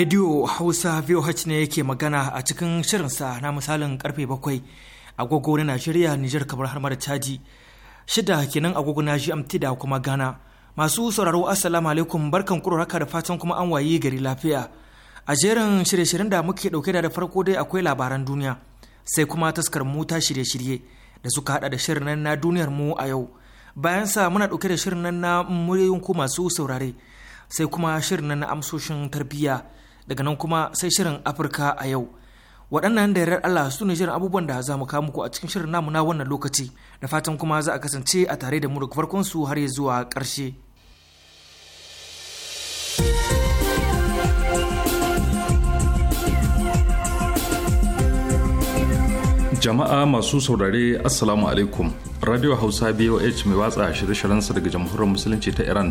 Radio Hausa VOH ne yake magana a cikin shirinsa na misalin karfe bakwai agogo na Najeriya, Nijar kamar har mara caji. Shida kenan agogo na GMT da kuma Ghana. Masu sauraro Assalamu alaikum barkan kuraraka da fatan kuma an wayi gari lafiya. A jerin shirye-shiryen da muke dauke da farko dai akwai labaran duniya sai kuma taskar mota shirye-shirye da suka hada da shirin nan na duniyar mu a yau. Bayan sa muna dauke da shirin nan na muryoyin ku masu saurare sai kuma shirin nan na amsoshin tarbiyya daga nan kuma sai shirin afirka a yau waɗannan da yarar allah su ne shirin abubuwan da za mu kawo muku a cikin shirin namu na wannan lokaci da fatan kuma za a kasance a tare da mu farkon su har zuwa ƙarshe jama'a masu saurare assalamu alaikum radio hausa boh mai watsa shirye-shiryensa daga jamhuriyar musulunci ta iran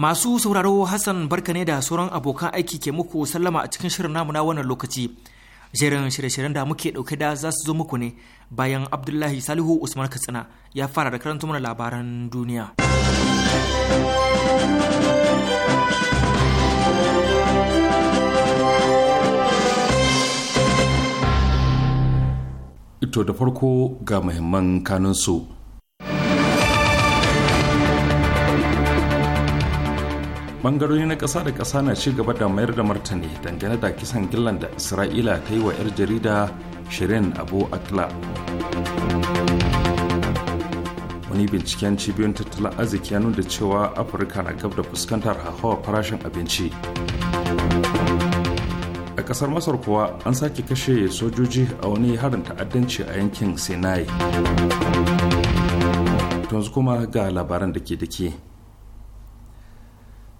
Masu sauraro Hassan barka ne da sauran abokan aiki ke muku sallama a cikin shirin namu na wannan lokaci. Jerin shirye-shiryen da muke ɗauke da za su zo muku ne bayan Abdullahi Salihu Usman Katsina ya fara da karanta mana labaran duniya. Ito da farko ga muhimman kanunsu. bangarori na ƙasa da ƙasa na ci gaba da mayar da martani dangane da kisan gillan da isra'ila ta yi wa 'yar jarida shirin abu akla wani binciken cibiyoyin tattalin arziki ya nuna cewa afirka na gab da fuskantar hauhawar farashin abinci a ƙasar masar kuwa an sake kashe sojoji a wani harin ta'addanci a yankin sinai yanzu kuma ga labaran da ke dake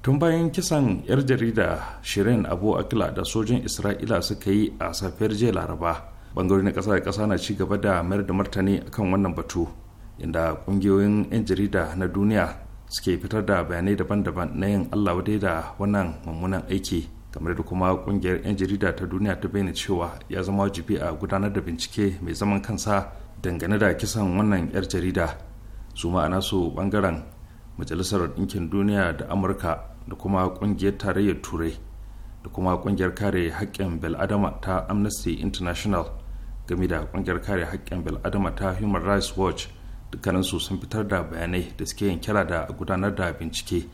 tun bayan kisan yar jarida shirin abu akila da sojin isra'ila suka yi a safiyar jiya laraba bangarori na kasa da kasa na ci gaba da mayar da martani akan wannan batu inda kungiyoyin 'yan jarida na duniya suke fitar da bayanai daban-daban na yin allah wadai da wannan mummunan aiki kamar da kuma kungiyar 'yan jarida ta duniya ta bayyana cewa ya zama wajibi a gudanar da bincike mai zaman kansa dangane da kisan wannan 'yar jarida su ma'ana su bangaren majalisar ɗinkin duniya da amurka da kuma kungiyar tarayyar turai da kuma kungiyar kare haƙƙin bil'adama ta amnesty international game da kungiyar kare haƙƙin bil'adama ta human rights watch dukkaninsu sun fitar da bayanai da suke yin kira da gudanar da bincike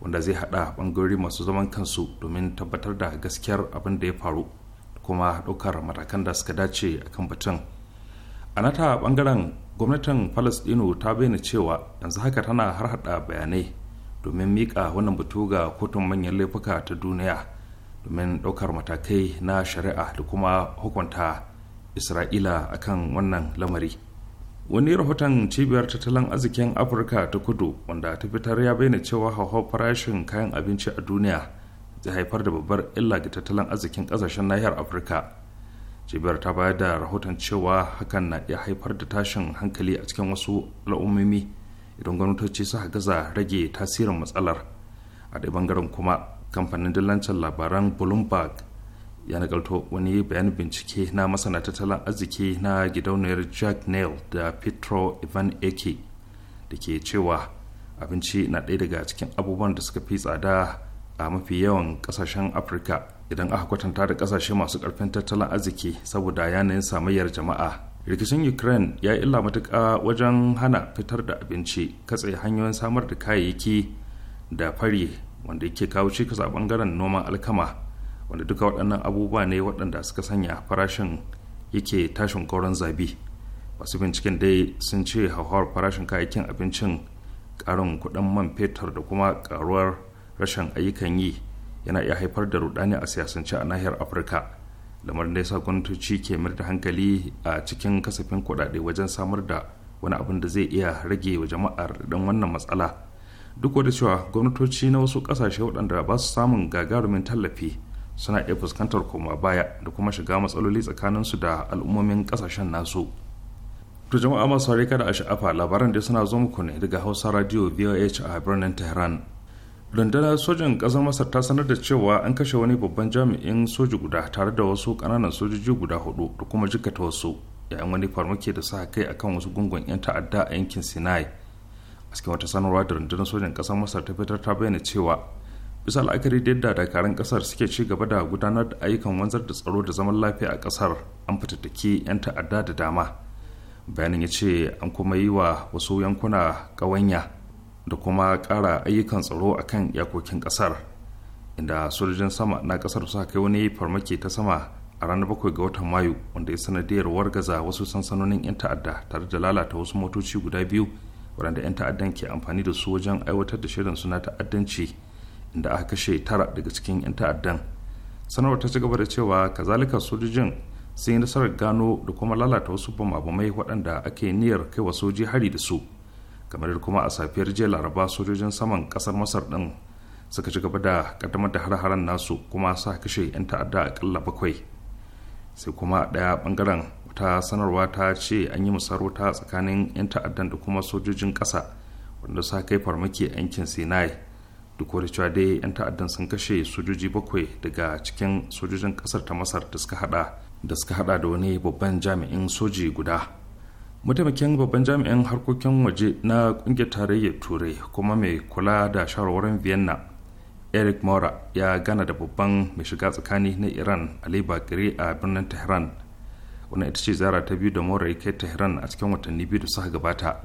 wanda zai hada bangarori masu zaman kansu domin tabbatar da gaskiyar abin da ya faru da kuma ɗaukar matakan da suka dace a kan batun a nata bangaren gwamnatin palestino ta bayyana cewa yanzu haka tana harhaɗa bayanai domin mika wannan batu ga kotun manyan laifuka ta duniya domin ɗaukar matakai na shari'a da kuma hukunta isra'ila akan wannan lamari wani rahoton cibiyar tattalin arzikin afirka ta kudu wanda ta fitar ya bayyana cewa hauhawar farashin kayan abinci a duniya zai haifar da babbar illa ga tattalin arzikin kasashen nahiyar afirka cibiyar ta bayar da rahoton cewa hakan na iya haifar da tashin hankali a cikin wasu al'ummomi idan gwamnatoci suka gaza rage tasirin matsalar a dai bangaren kuma kamfanin dillancin labaran bloomberg ya nagalto wani bayan bincike na masana tattalin arziki na gidauniyar jack nail da petro ivan eke da ke cewa abinci na ɗaya daga cikin abubuwan da suka fi tsada a mafi yawan ƙasashen afirka idan aka kwatanta da ƙasashe masu ƙarfin tattalin arziki saboda yanayin samayyar jama'a rikicin ukraine ya illa matuka wajen hana fitar da abinci katse hanyoyin samar da kayayyaki da fari wanda yake kawo cikas a bangaren noman alkama wanda duka waɗannan abubuwa ne waɗanda suka sanya farashin yake tashin koron zabi masu binciken dai sun ce hauhawar farashin kayayyakin abincin ƙarin kuɗin man fetur da kuma karuwar rashin ayyukan yi yana iya haifar da rudani a siyasance a nahiyar afirka lamar da ya sa gwamnatoci ke mayar da hankali a cikin kasafin kuɗaɗe wajen samar da wani abin da zai iya rage wa jama'ar dan wannan matsala duk da cewa gwamnatoci na wasu ƙasashe waɗanda ba su samun gagarumin tallafi suna iya fuskantar koma baya da kuma shiga matsaloli tsakanin su da al'ummomin kasashen nasu to jama'a masu rika da a sha'afa labaran da suna zo muku ne daga hausa radio voh a birnin tehran rundunar sojin ƙasar masar ta sanar da cewa an kashe wani babban jami'in soji guda tare da wasu ƙananan sojoji guda hudu da kuma jikata wasu yayin wani farmaki da sa kai akan wasu gungun 'yan ta'adda a yankin sinai a cikin wata sanarwa da rundunar sojin ƙasar masar ta fitar ta bayyana cewa bisa la'akari da yadda dakarun ƙasar suke ci gaba da gudanar da ayyukan wanzar da tsaro da zaman lafiya a ƙasar an fitattaki 'yan ta'adda da dama bayanin ya ce an kuma yi wa wasu yankuna ƙawanya da kuma kara ayyukan tsaro a kan yakokin ƙasar inda sojojin sama na ƙasar suka kai wani farmaki ta sama a ranar bakwai ga watan mayu wanda ya sanadiyar wargaza wasu sansanonin 'yan ta'adda tare da lalata wasu motoci guda biyu waɗanda 'yan ta'addan ke amfani da su wajen aiwatar da shirin suna ta'addanci inda aka kashe tara daga cikin 'yan ta'addan sanarwar ta ci gaba da cewa kazalika sojojin sun yi nasarar gano da kuma lalata wasu bama-bamai waɗanda ake niyyar kai wa soji hari da su kamar kuma a safiyar jiya laraba sojojin saman kasar masar din suka ci gaba da kaddamar da har-haren nasu kuma sa kashe 'yan ta'adda a akalla bakwai sai kuma a daya bangaren wata sanarwa ta ce an yi musarauta tsakanin 'yan ta'addan da kuma sojojin kasa wanda sa kai farmaki yankin sinai duk wani cewa dai 'yan ta'addan sun kashe sojoji bakwai daga cikin sojojin kasar ta masar da suka hada da suka hada da wani babban jami'in soji guda mataimakin babban jami'in harkokin waje na kungiyar tarayyar turai kuma mai kula da shawarwarin vienna eric mora ya gana da babban mai shiga tsakani na iran ali bakiri a birnin tehran wannan ita ce zara ta biyu da mora ya kai tehran a cikin watanni biyu da suka gabata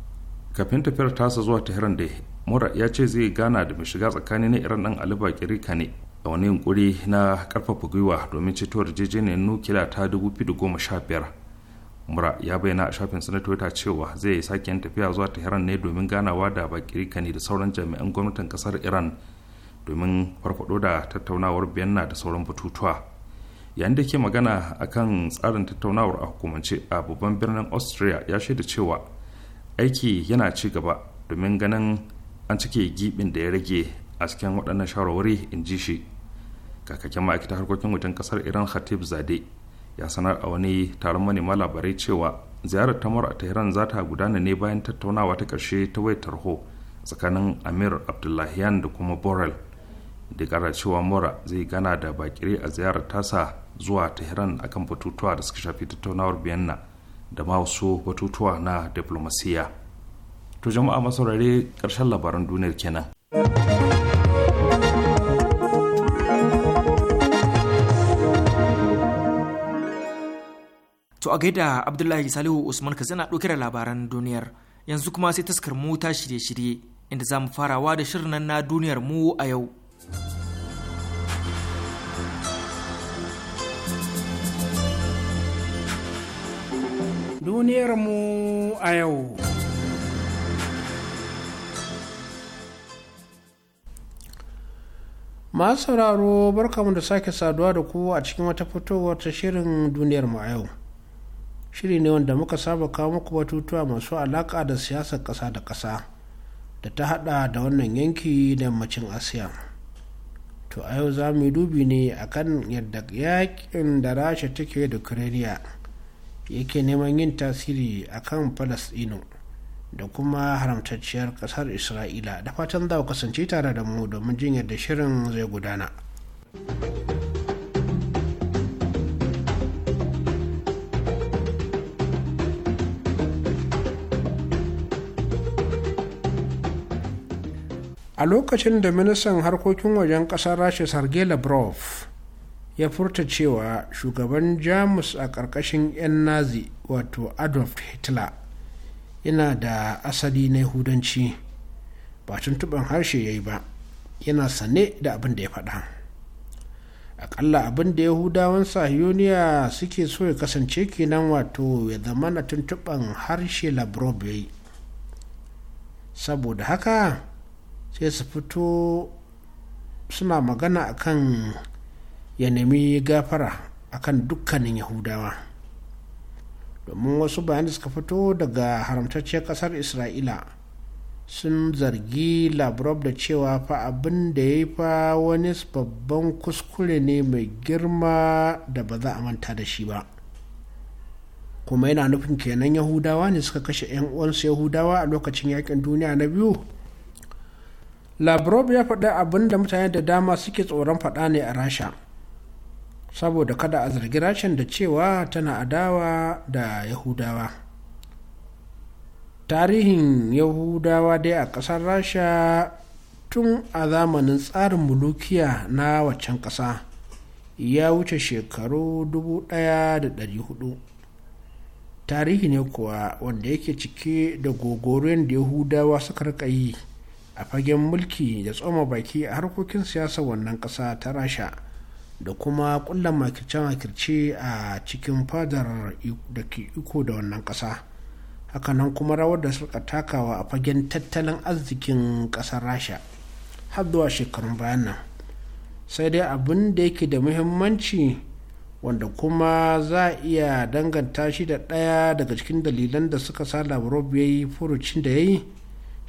kafin tafiyar tasa zuwa tehran da mora ya ce zai gana da mai shiga tsakani na iran ɗan ali ka kane a wani yunkuri na karfafa gwiwa domin ceto yarjejeniyar nukila ta sha biyar. mura ya bayyana a shafin sa na twitter cewa zai yi sake tafiya zuwa tehran ne domin ganawa da bakiri kani da sauran jami'an gwamnatin kasar iran domin farfado da tattaunawar biyanna da sauran batutuwa yayin da ke magana akan tsarin tattaunawar a hukumance a babban birnin austria ya shaida cewa aiki yana ci gaba domin ganin an cike gibin da ya rage a cikin waɗannan shawarwari in ji shi kakakken ma'aikatar harkokin wajen kasar iran khatib zade ya sanar a wani taron manema labarai cewa ziyarar tamar a tehran za ta gudana ne bayan tattaunawa ta karshe ta wayar tarho tsakanin amir abdullahian da kuma borel da kara cewa mora zai gana da bakire a ziyarar tasa zuwa tehran akan batutuwa da suka shafi tattaunawar biyanna da ma wasu batutuwa na diplomasiya to jama'a masaurare karshen labaran duniyar kenan To a gaida Abdullahi Salihu Usman ka zana ɗauke da labaran duniyar yanzu kuma sai taskar mu ta shirye-shirye inda za mu farawa da shirin nan na duniyar mu a yau. Duniyar mu a yau. masu sauraro barkamu da sake saduwa da ku a cikin wata fitowar ta shirin duniyar mu a yau shiri ne wanda muka saba kawo muku batutuwa masu alaka da siyasar ƙasa da ƙasa da ta hada da wannan yanki da yammacin asiya to a yau za mu yi dubi ne akan yadda yakin da rasha take da kureriya yake neman yin tasiri akan falasɗinu da kuma haramtacciyar ƙasar isra'ila da fatan za ku kasance tare da mu domin jin yadda shirin zai gudana. a lokacin da ministan harkokin wajen ƙasar rasha sergei lavrov ya furta cewa shugaban jamus a ƙarƙashin 'yan nazi wato adolf hitler yana da asali na yahudanci ba tuntuɓin harshe ya yi ba yana sane da abin da ya faɗa akalla abin da yahudawan sahiyoniya suke so ya kasance kenan wato ya zama na tuntuɓin harshe labrov ya saboda haka sai su fito suna magana akan ya nemi gafara akan dukkanin yahudawa domin wasu bayanai suka fito daga haramtacciyar ƙasar isra'ila sun zargi labrov da cewa fa abin da ya yi fa wani babban kuskure ne mai girma da ba za a manta da shi ba kuma yana nufin kenan yahudawa ne suka kashe 'yan uwansu yahudawa a lokacin yakin duniya na biyu labrob ya faɗi abin da mutane da dama suke tsoron faɗa ne a rasha saboda kada a zargi rashin da cewa tana adawa da yahudawa tarihin yahudawa dai a ƙasar rasha tun a zamanin tsarin mulukiya na waccan ƙasa ya wuce shekaru 1400 tarihi ne kuwa wanda yake cike da gogoron da yahudawa suka yi a fagen mulki da tsoma baki a harkokin siyasa wannan ƙasa ta rasha da kuma ƙulla makirce-makirce a cikin fadar da ke iko da wannan ƙasa hakanan kuma rawar da suka takawa a fagen tattalin arzikin ƙasar rasha har zuwa shekarun bayan nan sai dai abin da yake da muhimmanci wanda kuma za a iya danganta shi da ɗaya daga cikin dalilan da suka sa lavrov ya furucin da ya yi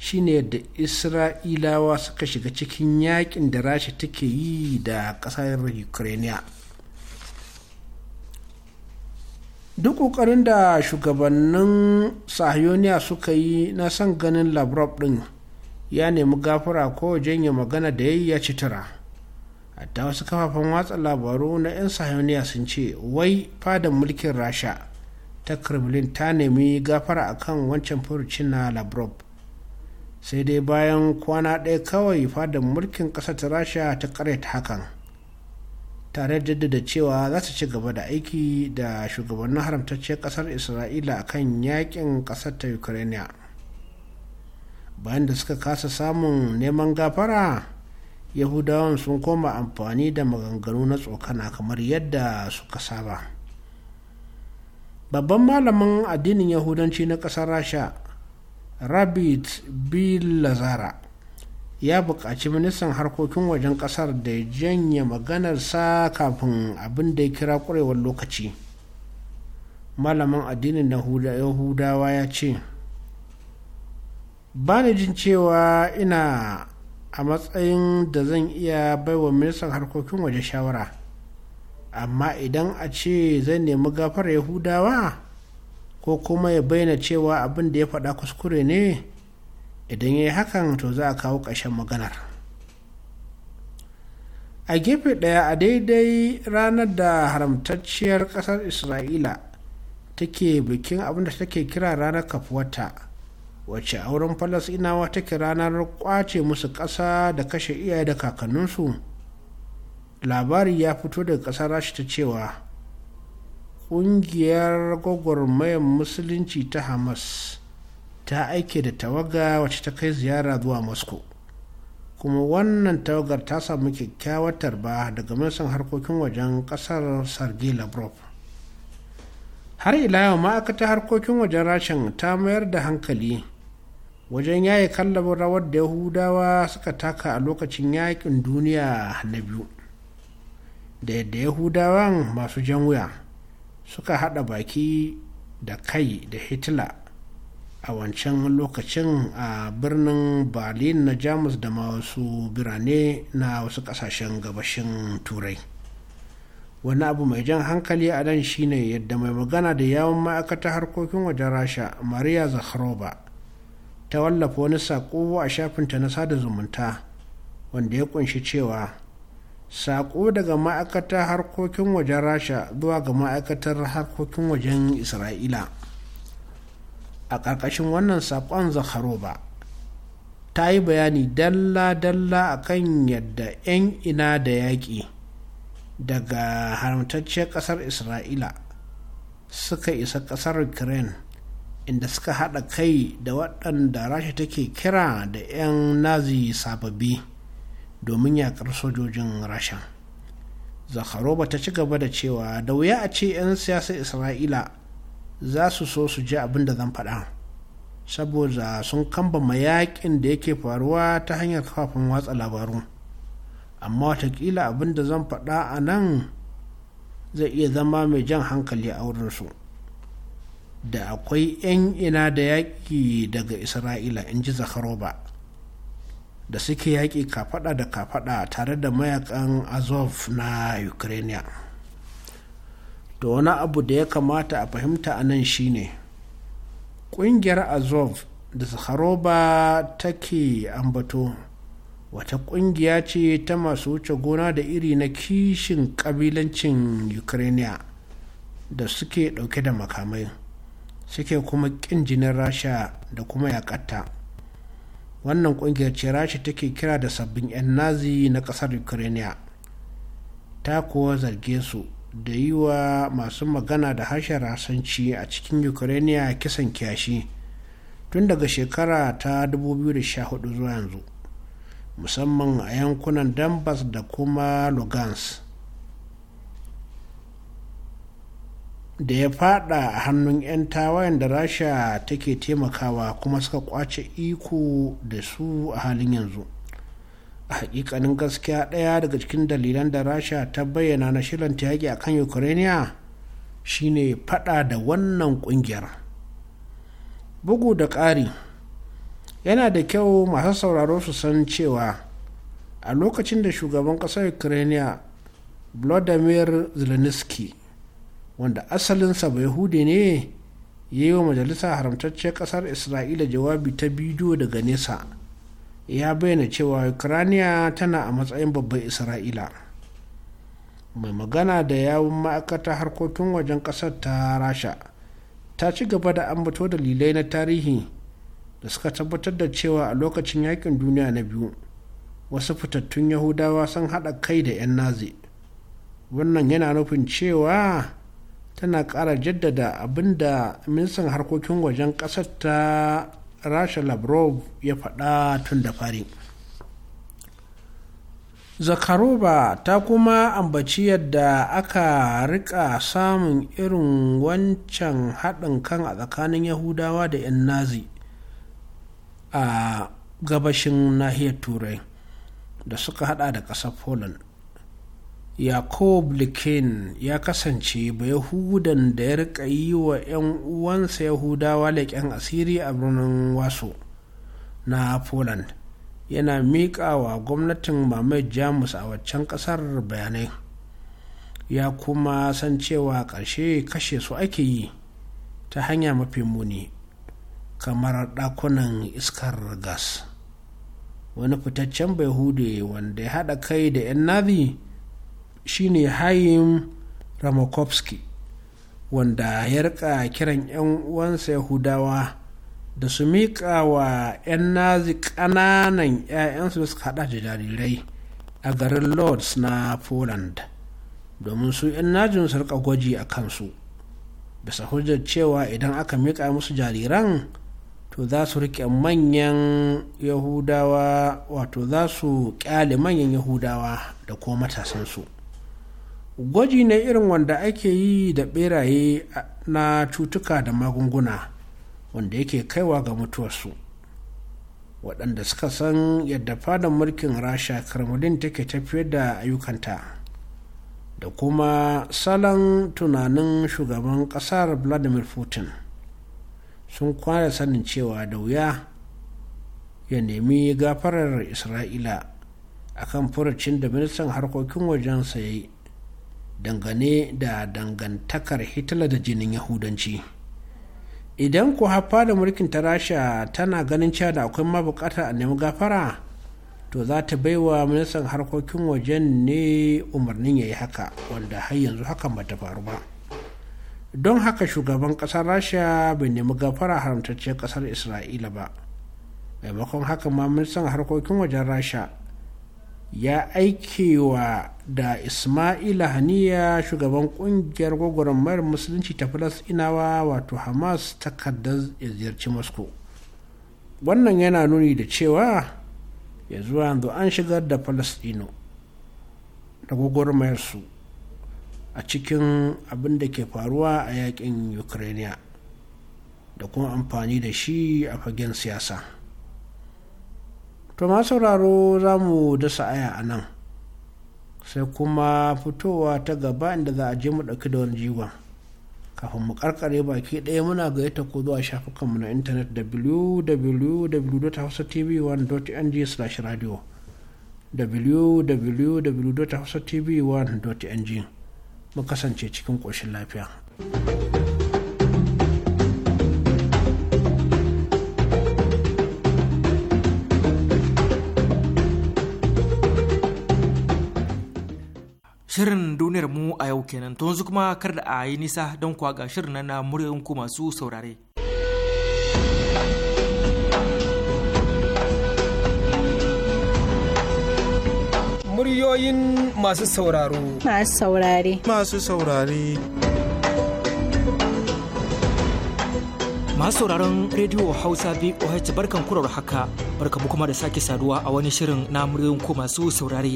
shine yadda isra'ilawa suka shiga cikin yakin da rasha take yi da ƙasar Ukraina. duk ƙoƙarin da shugabannin sahioniya suka yi na son ganin lavrov ɗin ya nemi gafara ko wajen janye magana da ya ci tara. hatta wasu kafafen watsa labaru na 'yan sahioniya sun ce wai fadan mulkin rasha ta kremlin ta nemi gafara akan wancan furucin na lavrov sai dai bayan kwana ɗaya kawai fadar mulkin ƙasar ta rasha ta ta hakan tare da jaddada cewa za su ci gaba da aiki da shugabannin haramtacciyar ƙasar isra'ila a kan yaƙin ƙasar ta Ukraina bayan da suka kasa samun neman gafara yahudawan sun koma amfani da maganganu na tsokana kamar yadda suka saba babban malamin addinin yahudanci na ƙasar rasha rabbit bill lazara ya buƙaci ministan harkokin wajen ƙasar da ya janye maganarsa kafin abin da ya kira ƙwarewar lokaci malamin addinin na yahudawa ya ce ba ni jin cewa ina a matsayin da zan iya baiwa ministan harkokin waje shawara amma idan a ce zan nemi gafar yahudawa ko kuma ya bayyana cewa abin da ya faɗa kuskure ne idan ya yi hakan to za a kawo ƙarshen maganar a gefe ɗaya a daidai ranar da haramtacciyar ƙasar isra'ila take bikin abin da take kira ranar kafuwata wacce a wurin falasinawa take ranar kwace musu ƙasa da kashe iyaye da kakanninsu labari ya fito daga ƙasar rashi ta cewa ƙungiyar gwagwarmayar musulunci ta hamas ta aike da tawaga wacce ta kai ziyara zuwa moscow kuma wannan tawagar ta samu kyakkyawar tarba daga minisan harkokin wajen kasar sergei lavrov har ila yau ma'aikatar harkokin wajen rashin ta mayar da hankali wajen yayi kallabin rawar da yahudawa suka taka a lokacin yakin duniya na biyu da yadda yahudawan masu jan wuya suka haɗa baki da kai da hitler a wancan lokacin a birnin berlin na jamus da masu birane na wasu ƙasashen gabashin turai wani abu mai jan hankali a nan shine yadda mai magana da yawon ma'aikatar harkokin wajen rasha maria zakharova ta wallafa wani saƙo a shafinta na sada zumunta wanda ya kunshi cewa saƙo daga ma'aikatar harkokin wajen rasha zuwa ga ma'aikatar harkokin wajen isra'ila a ƙarƙashin wannan saƙon zakharova ta yi bayani dalla-dalla a kan yadda 'yan ina da yaƙi daga haramtacciyar ƙasar isra'ila suka isa ƙasar ukraine inda suka haɗa kai da waɗanda rasha take kira da 'yan nazi sababbi. domin yakar sojojin rasha zakharova ta ci gaba da cewa da wuya a ce 'yan siyasar isra'ila za su so su ji abin da zan faɗa saboda sun kambama yakin da yake faruwa ta hanyar kafafen watsa labaru amma watakila abin da zan faɗa a nan zai iya zama mai jan hankali a wurinsu da akwai 'yan ina da yaƙi daga isra'ila in ji zakaroba. da suke yaƙi kafaɗa da kafaɗa tare da mayakan azov na ukraine da wani abu da ya kamata a fahimta a nan shine ƙungiyar azov da sakharoba take ambato wata ƙungiya ce ta masu wuce gona da iri na kishin ƙabilancin ukraine da suke ɗauke da makamai suke kuma ƙin jinin rasha da kuma yakatta. wannan kungiyar ce rasha take kira da sabbin 'yan nazi na kasar ukraine ta kuwa zarge su da yi wa masu magana da harshen rasanci a cikin ukraine kisan kiyashi tun daga shekara ta 2014 zuwa yanzu musamman a yankunan donbass da kuma lugansk da ya fada a hannun 'yan tawayen da rasha take taimakawa kuma suka kwace iko da su a halin yanzu a hakikanin gaskiya ɗaya daga cikin dalilan da rasha ta bayyana na shirin ta yaƙi a kan ukraine shine fada da wannan ƙungiyar bugu da ƙari yana da kyau masu sauraro su san cewa a lokacin da shugaban ƙasar ukraine vladimir zelensky wanda asalinsa bai hude ne ya yi wa majalisa haramtacciyar ƙasar isra'ila jawabi ta bidiyo daga nesa ya bayyana cewa ukraniya tana a matsayin babban isra'ila mai magana da yawun ma'aikata harkokin wajen ƙasar ta rasha ta ci gaba da ambato dalilai na tarihi da suka tabbatar da cewa a lokacin yakin duniya na biyu wasu fitattun yahudawa sun haɗa kai da 'yan nazi wannan yana nufin cewa tana kara jaddada abin da ministan harkokin wajen ƙasar ta rasha lavrov ya faɗa tun da fari zakaroba ta kuma ambaci yadda aka rika samun irin wancan haɗin kan a tsakanin yahudawa da 'yan nazi a gabashin nahiyar turai da suka hada da ƙasar poland yakob Likin ya kasance ba Yahudan da ya rika yi wa 'yan uwansa Yahudawa leƙen asiri a birnin Waso na Poland. Yana miƙa wa gwamnatin mamaye Jamus a waccan ƙasar bayanai. Ya kuma san cewa ƙarshe kashe su ake yi ta hanya mafi muni kamar ɗakunan iskar gas. Wani fitaccen hude wanda ya haɗa kai da 'yan Nazi. shine hayin ramakovsky wanda ya rika kiran 'yan uwansa yahudawa da su miƙa wa 'yan nazi ƙananan 'ya'yansu da suka hada da jarirai a garin lords na poland domin su 'yan najin su rika gwaji a kansu bisa hujjar cewa idan aka miƙa musu jariran to za su rike manyan yahudawa wato za su ƙyale manyan yahudawa da ko matasansu gwaji ne irin wanda ake yi da beraye na cutuka da magunguna wanda yake kaiwa ga mutuwarsu waɗanda suka san yadda fadan mulkin rasha kremlin take tafiyar da ayyukanta da kuma salon tunanin shugaban ƙasar vladimir putin sun kwana sanin cewa da wuya ya nemi gafarar isra'ila akan furucin da ministan harkokin wajen sayi dangane da dangantakar hitler da jinin yahudanci idan ku haffa da mulkin ta rasha tana ganin cewa da akwai mabukata a nemi gafara to za ta baiwa ministan harkokin wajen ne umarnin ya yi haka wanda har yanzu hakan ba ta faru ba don haka shugaban kasar rasha bai nemi gafara haramtacciyar kasar isra'ila ba maimakon haka ma ministan harkokin wajen rasha ya aike wa da ismaila haniya shugaban kungiyar gwagwarmayar musulunci ta inawa wato hamas takardar ya ziyarci moscow wannan yana nuni da cewa ya zuwa yanzu an shigar da falasɗinu da su a cikin abin da ke faruwa a yakin ukraine da kuma amfani da shi a fagen siyasa to ma sauraro za mu dasa aya a nan sai kuma fitowa ta gaba inda za a je mu ɗauki da wani jigon kafin mu karkare baki ɗaya muna gayyata ko zuwa shafukanmu na intanet www.hausatv1.ng/radio www.hausatv1.ng mu kasance cikin ƙoshin lafiya. Shirin duniyar mu a yau kenan to yanzu kuma kar da a yi nisa don kuwa ga shirin na muryar ku masu saurare. Muryoyin masu sauraro. Masu saurare. Masu saurare. masu sauraron rediyo hausa boh barkan kurar haka barkamu kuma da sake saduwa a wani shirin na muryoyin ku masu saurare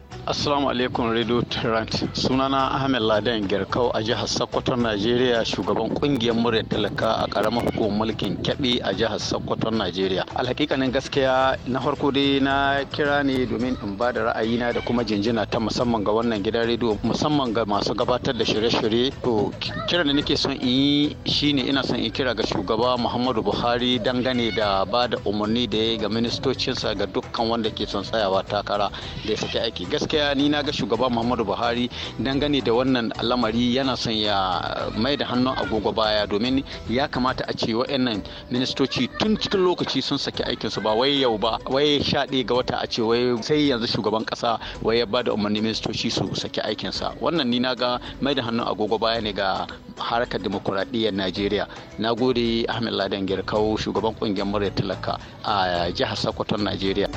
Assalamu alaikum Radio Sunana Ahmed Laden Girkau a jihar Sokoto, Najeriya, shugaban kungiyar murya talaka a karamar hukumar mulkin Kebbi a jihar Sokoto, Najeriya. Alhakikanin gaskiya na farko dai na kira ne domin in ba da ra'ayina da kuma jinjina ta musamman ga wannan gidan rediyo musamman ga masu gabatar da shirye-shirye. To kiran da nake son in yi shine ina son in kira ga shugaba Muhammadu Buhari dangane da ba da umarni da ya ga ministocinsa ga dukkan wanda ke son tsayawa takara da ya saki aiki. gaskiya ni na ga shugaba muhammadu buhari dangane da wannan lamari yana son ya mai da hannun agogo baya domin ya kamata a ce wa'annan ministoci tun cikin lokaci sun saki aikinsu ba wai yau ba wai sha ga wata a ce wai sai yanzu shugaban kasa wai ya ba da umarni ministoci su saki aikinsa wannan ni na ga mai da hannun agogo baya ne ga harkar demokuraɗiyyar najeriya na gode ahmed ladan girkau shugaban kungiyar murya talaka a jihar sokoton najeriya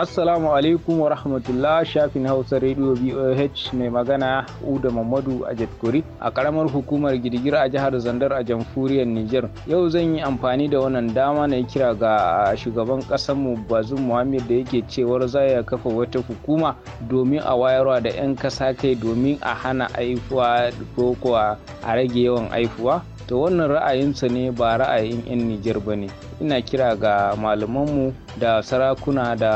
Assalamu alaikum wa rahmatullah shafin Hausa Radio BOH mai magana Uda Mamadu a Jatkuri a karamar hukumar girgir a jihar Zandar a jamhuriyar Nijar. Yau zan yi amfani da wannan dama na kira ga shugaban mu Bazum Muhammad da yake cewar za ya kafa wata hukuma domin a wayarwa da 'yan kasa kai domin a hana aifuwa ko a rage yawan aifuwa. to wannan ra'ayinsa ne ba ra'ayin 'yan nijar ba ne ina kira ga malamanmu da sarakuna da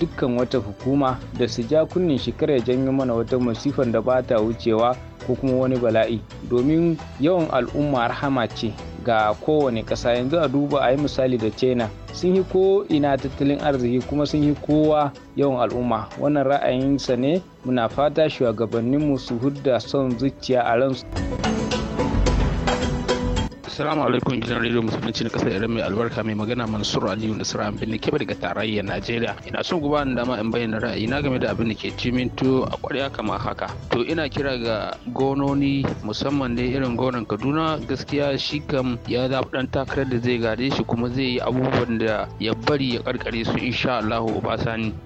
dukkan wata hukuma da su ja kunnen shi ya janyo mana wata masifan da ba ta wucewa ko kuma wani bala'i domin yawan al'umma rahama ce ga kowane ƙasa yanzu a duba a yi misali da china sun yi ko ina tattalin arziki kuma sun yi kowa yawan al'umma wannan ra'ayinsa ne muna fata shugabanninmu su hudda son zuciya a ransu. Assalamu alaikum gidan rediyo musulunci na kasar Iran mai albarka mai magana Mansur Aliyu Nasra an binne kebe daga tarayyar Najeriya. Ina son ku da dama in bayyana ra'ayi. Na game da abin da ke ciminto a ƙwarya kamar haka. To ina kira ga gononi musamman ne irin gonan Kaduna gaskiya shi kam ya zaɓi ɗan takarar da zai gare shi kuma zai yi abubuwan da ya bari ya karkare su insha Allah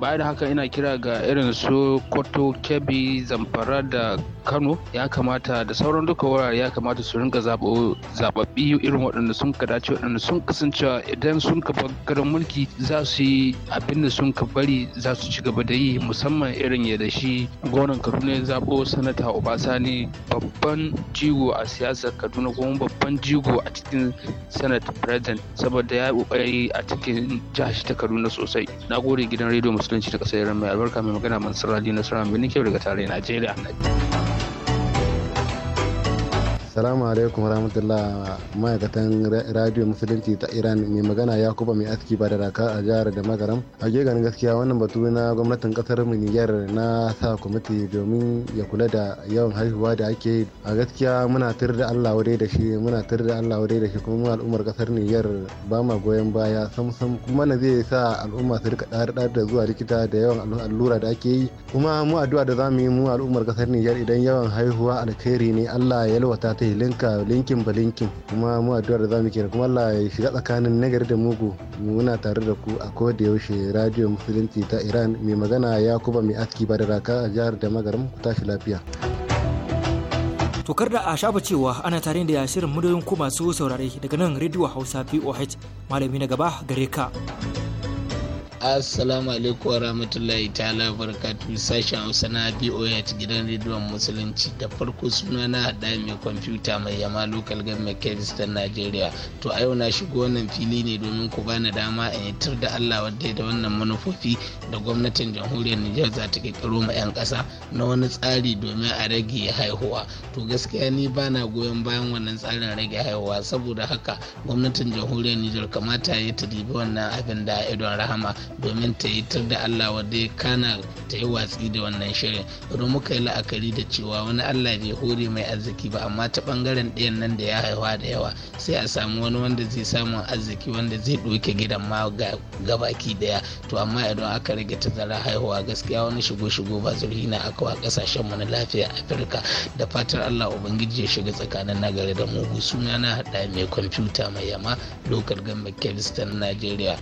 baya da haka ina kira ga irin su Koto, Kebbi, Zamfara da Kano ya kamata da sauran duka wurare ya kamata su rinka zaɓo zaɓaɓɓi jam'iyyu e irin waɗanda sun ka dace waɗanda sun kasancewa idan sun ka garin mulki za su yi abin da sun ka bari za su ci gaba da yi musamman irin ya da shi gwamnan kaduna ya zaɓo sanata obasani babban jigo a siyasar kaduna kuma babban jigo a cikin senate president saboda ya ƙoƙari a cikin jihar ta kaduna sosai na gode gidan rediyo musulunci ta ƙasar mai albarka mai magana mansur ali nasara mai daga tare najeriya Assalamu alaikum rahmatullah ma'aikatan radio musulunci ta Iran mai magana Yakuba mai aski ba da raka a jihar da magaram. A ganin gaskiya wannan batu na gwamnatin kasar mu Niger na sa kwamiti domin ya kula da yawan haihuwa da ake yi. A gaskiya muna tur da Allah wadai da shi muna tur da Allah wadai da shi kuma mu al'ummar kasar Niger ba ma goyon baya sam sam kuma na zai sa al'umma su rika ɗar da zuwa likita da yawan allura da ake yi. Kuma mu addu'a da zamu yi mu al'ummar kasar Niger idan yawan haihuwa alkhairi ne Allah ya yalwata ta ta eh, linka linkin ba linkin kuma mu addu'a da zamu kira kuma Allah ya shiga tsakanin nagari da mugu muna tare da ku a da yaushe radio musulunci ta Iran mai magana Yakuba mai aski ba da raka a jihar da magaram ku tashi lafiya. kar da a shafa cewa ana tare da shirin muryoyin ku masu saurare daga nan Radio Hausa poh malami na gaba gare ka. assalamu alaikum wa rahmatullahi ta'ala barakatu sashen hausa na boa gidan rediyon musulunci da farko suna na hada mai kwamfuta mai yama local government kebis ta Najeriya. to a yau na shigo wannan fili ne domin ku bani dama in tur da allah wadda da wannan manufofi da gwamnatin jamhuriyar nijar za ta kirkiro ma 'yan ƙasa na wani tsari domin a rage haihuwa to gaskiya ni bana goyon bayan wannan tsarin rage haihuwa saboda haka gwamnatin jamhuriyar nijar kamata ya ta wannan abin da idon rahama domin ta yi tar da Allah wadda ya kana ta yi watsi da wannan shirin domin muka yi la'akari da cewa wani Allah bai hore mai arziki ba amma ta bangaren ɗayan nan da ya haihuwa da yawa sai a samu wani wanda zai samu arziki wanda zai ɗauke gidan ma baki daya to amma idan aka rage tazarar haihuwa gaskiya wani shigo-shigo ba zuri na aka wa kasashen mu na lafiya afirka da fatar Allah ubangiji ya shiga tsakanin nagari da mugu suna na haɗa mai kwamfuta mai yama lokal gambar Kelistan najeriya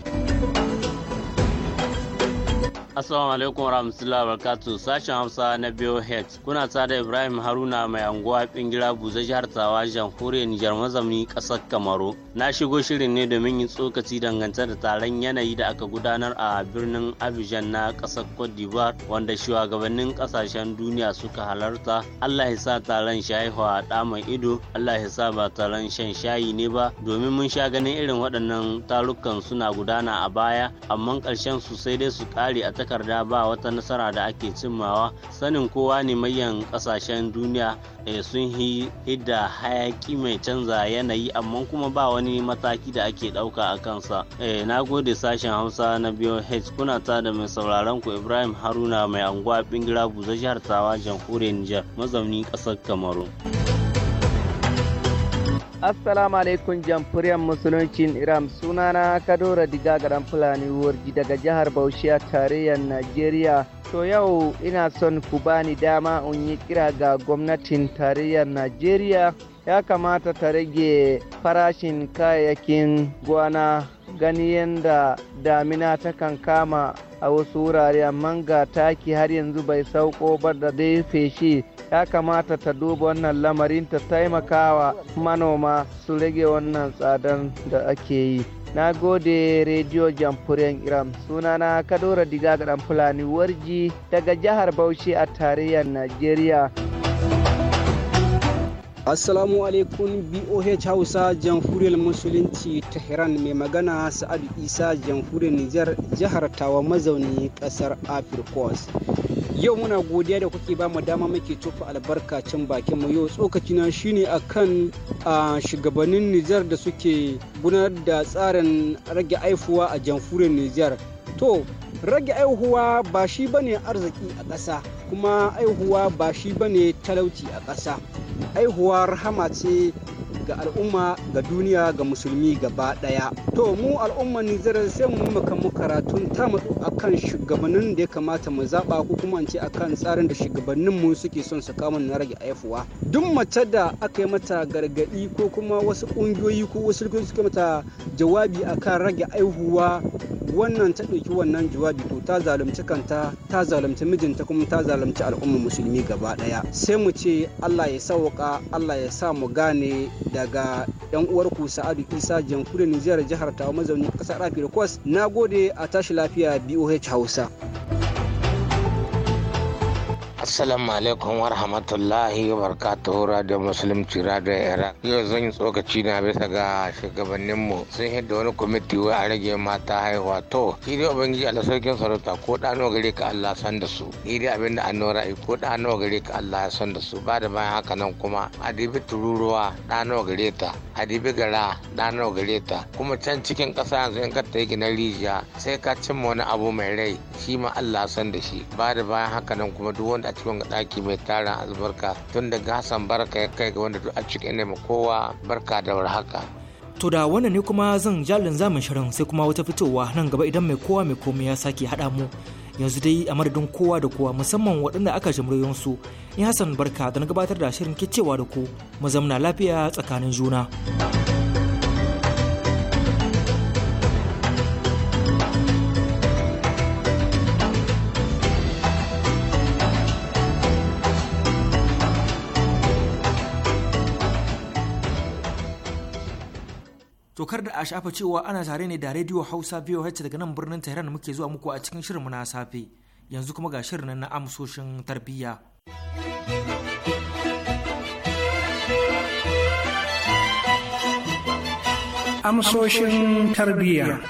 Assalamu alaikum warahmatullahi wabarakatuh sashen hamsa na BioHex kuna tsada Ibrahim Haruna mai anguwa bingira buza jihar Tawa jamhuriyar Nijar mazamni kasar Kamaru. Na shigo shirin ne domin yin tsokaci dangantar da taron yanayi da aka gudanar a birnin Abidjan na kasar Cote d'Ivoire wanda shugabannin ƙasashen duniya suka halarta. Allah ya sa taron haihuwa a mai ido, Allah ya sa ba taron shan shayi ne ba domin mun sha ganin irin waɗannan tarukan suna gudana a baya amma ƙarshen su sai dai su ƙare a takarda ba wata nasara da ake cimmawa sanin kowa ne manyan kasashen duniya eh, sun hi hidda hayaki mai canza yanayi amma kuma ba wani mataki da ake ɗauka a kansa e, na gode sashen hausa na biyo h kuna ta da mai sauraron ku ibrahim haruna mai anguwa bingila buza jihar tawa jamhuriyar niger mazauni ƙasar kamaru. Assalamu alaikum jamfuriyar musuluncin Iram sunana Kadora Diga garan Fulani Warji daga jihar Bauchi a tarayyar Najeriya. To yau ina son ku bani dama in yi kira ga gwamnatin tarayyar Najeriya ya kamata ta rage farashin kayayyakin gwana gani yadda damina takan kama a wasu wurare amma ga taki har yanzu bai sauko ba da dai feshi ya kamata ta duba wannan lamarin ta taimakawa manoma su rage wannan tsadan da ake yi na gode rediyo jamhuriyar iram sunana kadora diga ga fulani warji daga jihar bauchi a tarayyar najeriya Assalamu alaikum BOH Hausa Jamhuriyar Musulunci Tehran mai magana Sa'adu Isa Jamhuriyar Nijar jihar Tawa mazauni kasar Afirkos. Yau muna godiya da kuke ba mu dama muke tofa albarkacin bakin mu yau tsokaci na shine akan a shugabannin Nijar da suke gudanar da tsarin rage aifuwa a Jamhuriyar Nijar. To rage aihuwa ba shi bane arziki a ƙasa kuma aihuwa ba shi bane talauci a ƙasa aihuwa rahama ce ga al'umma ga duniya ga musulmi gaba ɗaya to mu al'umma nijar sai mu maka mu karatun ta matsu akan shugabannin da ya kamata mu zaba, ko kuma an ce akan tsarin da shugabannin mu suke son su kama na rage aifuwa duk mace da aka yi mata gargadi ko kuma wasu ƙungiyoyi ko wasu suke mata jawabi akan rage aihuwa wannan ta ɗauki wannan jawabi to ta zalunci kanta ta zalunci mijinta kuma ta zalunci al'ummar musulmi gaba ɗaya sai mu ce allah ya sauka allah ya sa mu gane daga yan uwar ku sa'adu isa jamhuriyar nijar jihar tawa mazaunin ƙasar afirka kwas na gode a tashi lafiya boh hausa Assalamu alaikum wa rahmatullahi wa barakatuhu Radio Musulunci Radio Iraq. Yau zan yi tsokaci na bisa ga shugabanninmu sun hidda wani kwamiti wai a rage mata haihuwa to shi dai ubangiji Allah sarkin sarauta ko da nawa gare ka Allah san da su. Ni dai abin da an nora ko da nawa gare ka Allah ya san da su ba da bayan haka nan kuma adibi tururuwa da nawa gare ta adibi gara da nawa gare ta kuma can cikin ƙasa yanzu in ka ta yi rijiya sai ka cimma wani abu mai rai shi ma Allah san da shi ba da bayan haka nan kuma duk wanda a cikin ɗaki mai tarin albarka tun daga Hassan Barka ya kai ga wanda a cikin ne kowa barka da warhaka. To da wannan ne kuma zan jalin zamin shirin sai kuma wata fitowa nan gaba idan mai kowa mai komai ya sake haɗa mu. Yanzu dai a madadin kowa da kowa musamman waɗanda aka jimriyon su in Hassan Barka da na gabatar da shirin kicewa da ku mu zamna lafiya tsakanin juna. To kar da a shafa cewa ana tare ne da Radio Hausa VOH daga nan birnin Tehran muke zuwa muku a cikin shirinmu na safe. Yanzu kuma ga shirin na amsoshin tarbiyya. Amsoshin tarbiyya.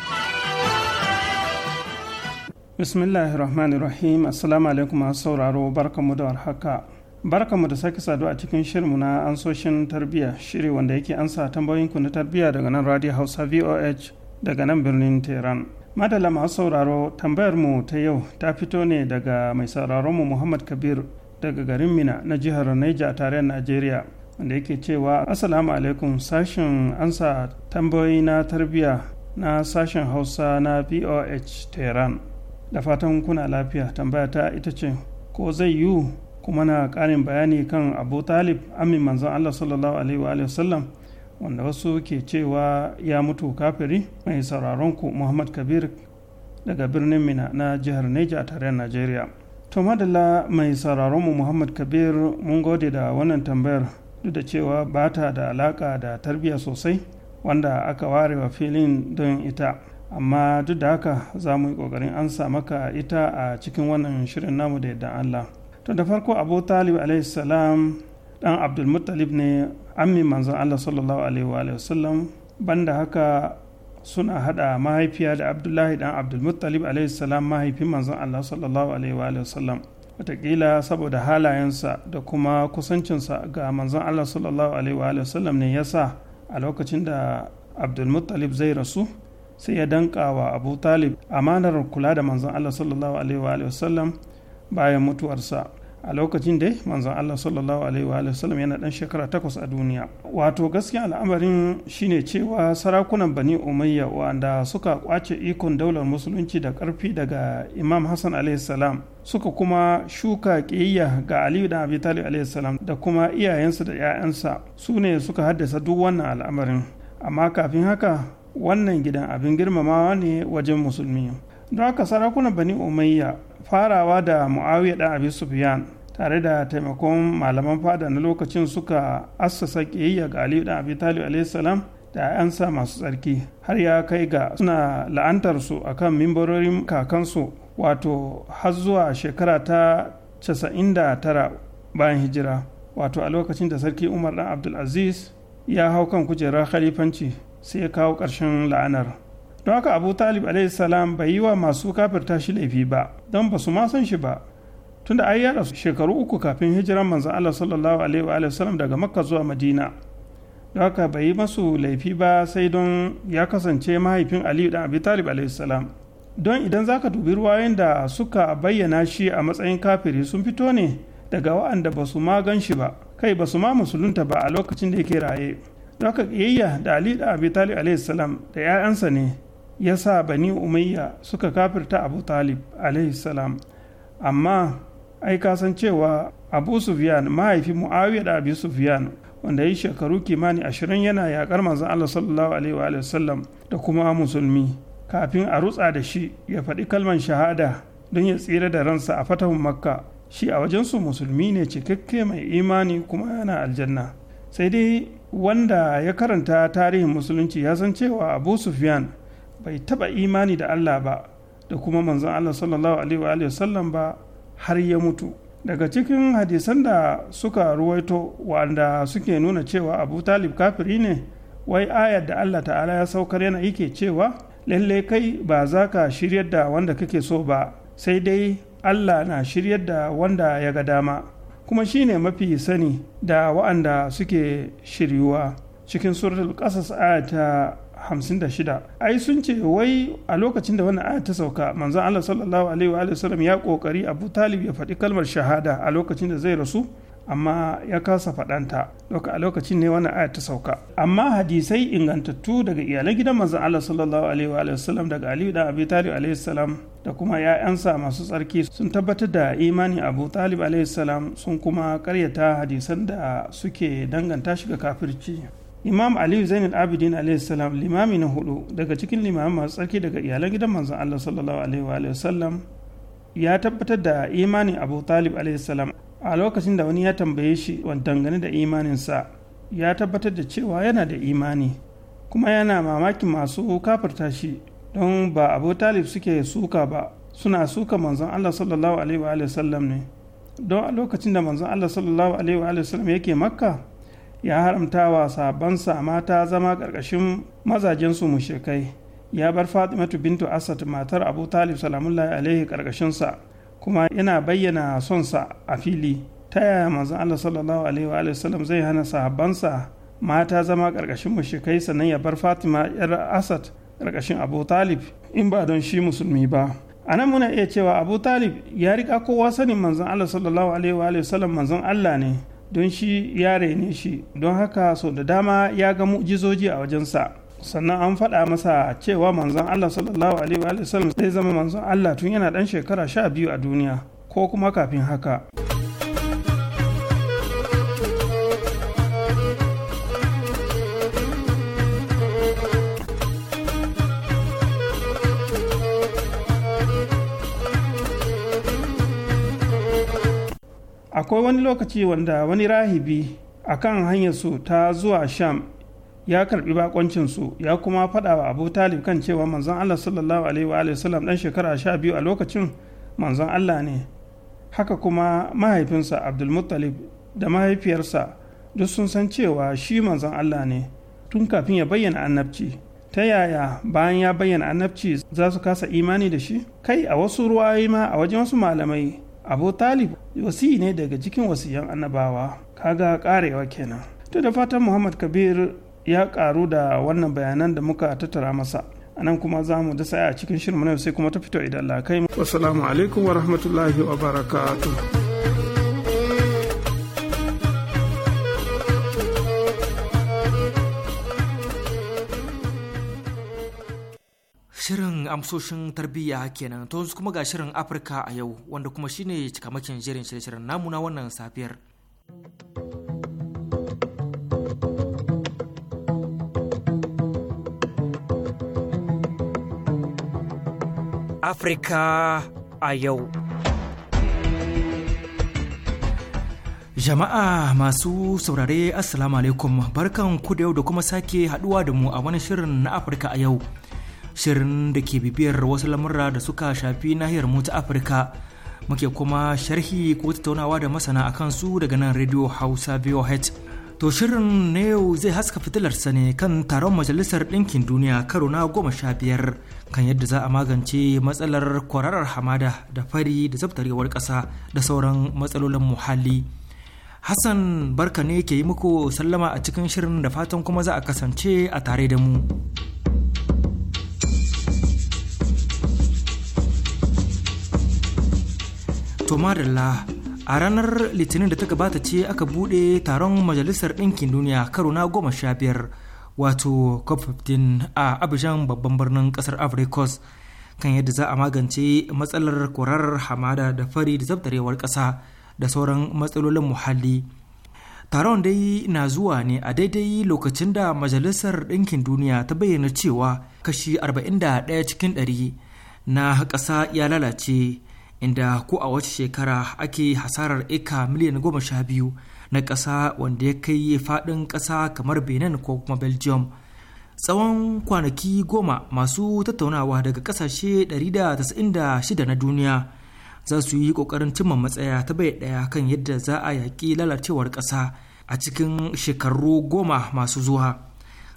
Bismillahirrahmanirrahim. Assalamu alaikum sauraro barkamu da warhaka. Barka mu da sake saduwa a cikin shirinmu na ansoshin tarbiyya shiri wanda yake ansa tambayoyinku na tarbiyya daga nan radio hausa voh daga nan birnin tehran madala masu sauraro tambayar mu ta yau ta fito ne daga mai sauraron mu muhammad kabir daga garin mina na jihar naija a tarayyar najeriya wanda yake cewa assalamu alaikum sashen ansa tambayoyi na tarbiyya na sashen hausa na voh tehran da fatan kuna lafiya tambaya ta ita ce ko zai yiwu kuma na ƙarin bayani kan abu talib amin manzon allah sallallahu alaihi wasallam wanda wasu ke cewa ya mutu kafiri mai sauraron ku muhammad kabir daga birnin mina na jihar neja a tarayyar najeriya to madalla mai sauraron mu muhammad kabir mun gode da wannan tambayar duk da cewa ba ta da alaka da tarbiyya sosai wanda aka ware wa filin don ita amma duk da haka za mu yi ƙoƙarin ansa maka ita a cikin wannan shirin namu da yadda allah to da farko abu talib salam dan abdulmuttalib ne ammi manzon allah sallallahu alaihi wa sallam banda haka suna hada mahaifiya da abdullahi dan abdulmuttalib salam mahaifin manzon allah sallallahu alaihi wa sallam. watakila saboda halayensa da kuma kusancinsa ga manzon allah sallallahu alaihi wa sallam ne yasa a lokacin da Abdul abdulmuttalib zai rasu sai ya danka wa abu talib amanar kula da manzon allah sallallahu alaihi wa sallam. bayan mutuwarsa a lokacin dai manzon Allah sallallahu alaihi wa sallam yana dan shekara takwas a duniya wato gaskiya al'amarin shine cewa sarakunan bani umayya wanda suka kwace ikon daular musulunci da karfi daga imam hassan alaihi salam suka kuma shuka ƙiyayya ga aliyu da abi talib alaihi salam da kuma iyayensa da 'ya'yansa su ne suka haddasa duk wannan al'amarin amma kafin haka wannan gidan abin girmamawa ne wajen musulmi don haka sarakunan bani umayya farawa da muawiya ɗan abi sufiyan tare da taimakon malaman fada na lokacin suka assasa ƙiyayya ga aliyu ɗan abi talib alaihissalam da yansa masu tsarki har ya kai ga suna la'antarsu a kan mimbarorin kakansu wato har zuwa shekara ta casa'in da tara bayan hijira wato a lokacin da sarki umar ɗan abdulaziz ya hau kan kujerar khalifanci sai ya kawo ƙarshen la'anar don haka abu talib salam bai yi wa masu kafirta shi laifi ba don ba su ma san shi ba tunda ai ya rasu shekaru uku kafin hijiran manzan Allah sallallahu alaihi wa sallam daga makka zuwa madina don haka bai yi masu laifi ba sai don ya kasance mahaifin aliyu dan abu talib salam don idan zaka dubi ruwayoyin da suka bayyana shi a matsayin kafiri sun fito ne daga wa'anda ba su ma gan shi ba kai ba su ma musulunta ba a lokacin da yake raye don haka kiyayya da aliyu da abi talib salam da 'ya'yansa ne ya sa bani umayya suka kafirta abu talib salam amma ai kasan cewa abu sufyan mahaifin muawiya da abu sufyan wanda yi shekaru kimani ashirin yana yaƙar manzon allah sallallahu alaihi wa sallam da kuma musulmi kafin a rutsa da shi ya faɗi kalman shahada don ya tsira da ransa a fatahun makka shi a wajensu musulmi ne cikakke mai imani kuma yana aljanna sai dai wanda ya karanta tarihin musulunci ya san cewa abu sufyan bai taba imani da Allah ba da kuma manzon Allah sallallahu alaihi wa sallam ba har ya mutu daga cikin hadisan da suka ruwaito wanda suke nuna cewa abu talib kafiri ne wai ayar da Allah ta'ala ya saukar yana yake cewa lalle kai ba za ka shiryar da wanda kake so ba sai dai Allah na shiryar da wanda ya ga dama kuma shine mafi sani da wa'anda suke shiryuwa cikin suratul qasas aya ta 56 ai sun ce wai a lokacin da wannan aya ta sauka manzon Allah sallallahu alaihi wa sallam ya kokari Abu Talib ya faɗi kalmar shahada a lokacin da zai rasu amma ya kasa faɗanta a lokacin ne wannan aya ta sauka amma hadisai ingantattu daga iyalan gidan manzon Allah sallallahu alaihi wa sallam daga Ali da Abi Talib alaihi salam da kuma ‘ya'yansa masu tsarki sun tabbatar da imani abu talib salam sun kuma karyata hadisan da suke danganta shi ga kafirci imam aliyu zainul abidin alaihissalam limami na hudu daga cikin limamin masu tsarki daga iyalan gidan manzon allah sallallahu alaihi wa sallam ya tabbatar da imanin abu talib alaihissalam a lokacin da wani ya tambaye shi dangane da imaninsa ya tabbatar da cewa yana da imani kuma yana mamakin masu kafarta shi don ba abu talib suke suka ba suna suka manzon allah sallallahu alaihi wa sallam ne don a lokacin da manzon allah sallallahu alaihi wa sallam yake makka ya haramta wa sabansa mata zama ƙarƙashin mazajensu mushrikai ya bar fatimatu bintu asad matar abu talib salamullahi alaihi ƙarƙashinsa kuma yana bayyana sonsa a fili ta yaya manzon allah sallallahu alaihi wa sallam zai hana sabansa mata zama ƙarƙashin mushrikai sannan ya bar fatima yar asad ƙarƙashin abu talib in ba don shi musulmi ba a nan muna iya cewa abu talib ya riƙa kowa sanin manzon allah sallallahu alaihi wa sallam manzon allah ne don shi ya raine shi don haka sau da dama ya ga mu'jizoji a wajensa sannan an faɗa masa cewa manzon Allah sallallahu alaihi wa sallam zai zama manzon Allah tun yana ɗan shekara sha biyu a duniya ko kuma kafin haka. akwai wani lokaci wanda wani rahibi a kan hanyarsu ta zuwa sham ya karbi bakoncinsu ya kuma faɗawa wa abu talib kan cewa manzon allah sallallahu alaihi wa sallam dan shekara sha biyu a lokacin manzon allah ne haka kuma mahaifinsa abdulmuttalib da mahaifiyarsa duk sun san cewa shi manzon allah ne tun kafin ya bayyana annabci ta yaya bayan ya bayyana annabci za su kasa imani da shi kai a wasu ruwayoyi ma a wajen wasu malamai abu talib wasi ne daga cikin wasiyan annabawa kaga karewa kenan to da fatan muhammad kabir ya karu da wannan bayanan da muka tattara masa a nan kuma za mu dasa a cikin shirin mu sai kuma ta fito idan lakai wasalamu alaikum wa rahmatullahi wa barakatuh Shirin amsoshin tarbiyya kenan to kuma ga shirin Afirka a yau wanda kuma shine cikamakin jirin shirye-shiryen wannan safiyar. Afirka a yau. Jama'a masu saurare asalamu alaikum barkan ku da yau da kuma sake haduwa da mu a wani shirin na Afirka a yau. shirin da ke bibiyar wasu lamurra da suka shafi nahiyar mu ta afirka muke kuma sharhi ko tattaunawa da masana a kansu daga nan radio hausa voh to shirin na yau zai haska fitilarsa ne kan taron majalisar ɗinkin duniya karo na goma sha biyar kan yadda za a magance matsalar kwararar hamada da fari da zabtarewar ƙasa da sauran matsalolin muhalli hassan barka ne ke yi muku sallama a cikin shirin da fatan kuma za a kasance a tare da mu. To madalla a ranar litinin da ta gabata ce aka bude taron majalisar ɗinkin duniya karo na goma sha biyar wato cop 15 a abidjan babban birnin ƙasar africos kan yadda za a magance matsalar korar hamada da fari da zabtarewar ƙasa da sauran matsalolin muhalli taron dai na zuwa ne a daidai lokacin da majalisar ɗinkin duniya ta bayyana cewa kashi 41 cikin 100 na ƙasa ya lalace inda ko a wace shekara ake hasarar eka miliyan goma sha biyu na ƙasa wanda ya kai faɗin ƙasa kamar benin ko kuma belgium tsawon kwanaki goma masu tattaunawa daga ƙasashe 196 na duniya za su yi ƙoƙarin cimma matsaya ta bai ɗaya kan yadda za a yaƙi lalacewar ƙasa a cikin shekaru goma masu zuwa